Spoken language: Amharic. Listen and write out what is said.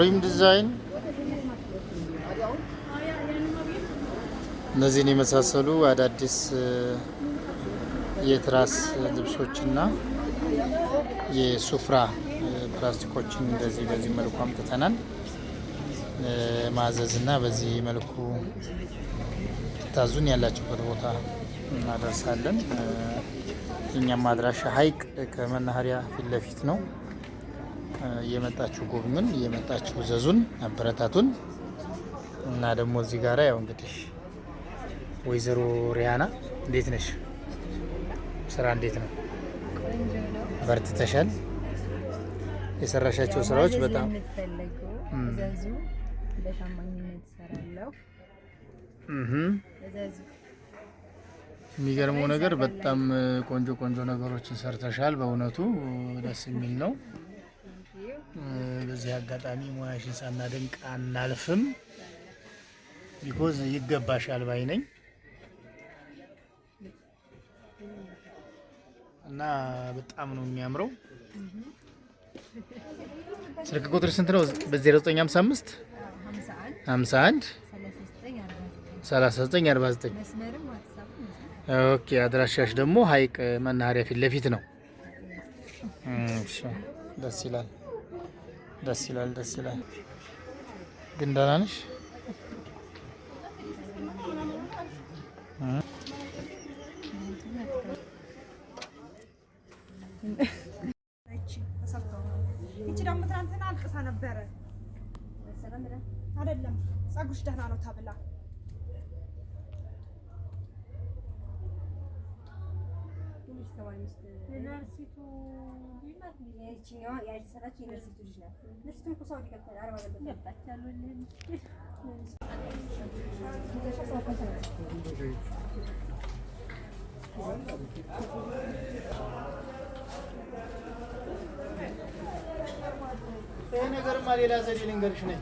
ሪም ዲዛይን እነዚህን የመሳሰሉ አዳዲስ የትራስ ልብሶችና የሱፍራ ፕላስቲኮችን እንደዚህ በዚህ መልኩ አምጥተናል። ማዘዝና በዚህ መልኩ ታዙን ያላችሁበት ቦታ እናደርሳለን። እኛም አድራሻ ሀይቅ ከመናኸሪያ ፊት ለፊት ነው። እየመጣችሁ ጎብኙን፣ እየመጣችሁ ዘዙን፣ አበረታቱን እና ደግሞ እዚህ ጋራ ያው እንግዲህ ወይዘሮ ሪያና እንዴት ነሽ? ስራ እንዴት ነው? በርትተሻል። የሰራሻቸው ስራዎች በጣም የሚገርመው ነገር በጣም ቆንጆ ቆንጆ ነገሮችን ሰርተሻል። በእውነቱ ደስ የሚል ነው። በዚህ አጋጣሚ ሙያሽን ሳናደንቅ አናልፍም። ቢኮዝ ይገባሻል ባይ ነኝ እና በጣም ነው የሚያምረው። ስልክ ቁጥር ስንት ነው? በ0955 51 39 49። ኦኬ አድራሻሽ ደግሞ ሀይቅ መናኸሪያ ፊት ለፊት ነው። ደስ ይላል። ደስ ይላል፣ ደስ ይላል። ግን ደህና ነሽ? ደግሞ ትናንትና አልቅሳ ነበረ። አይደለም ጸጉርሽ ደህና ነው ተብላ نسيتو ديما تينيو يعني سنة كي نسيتو جنا نسيتو نقصو هذيك العربة دابا حتى لو ይሄ ነገር ማ ሌላ ዘዴ ልንገርሽ ነኝ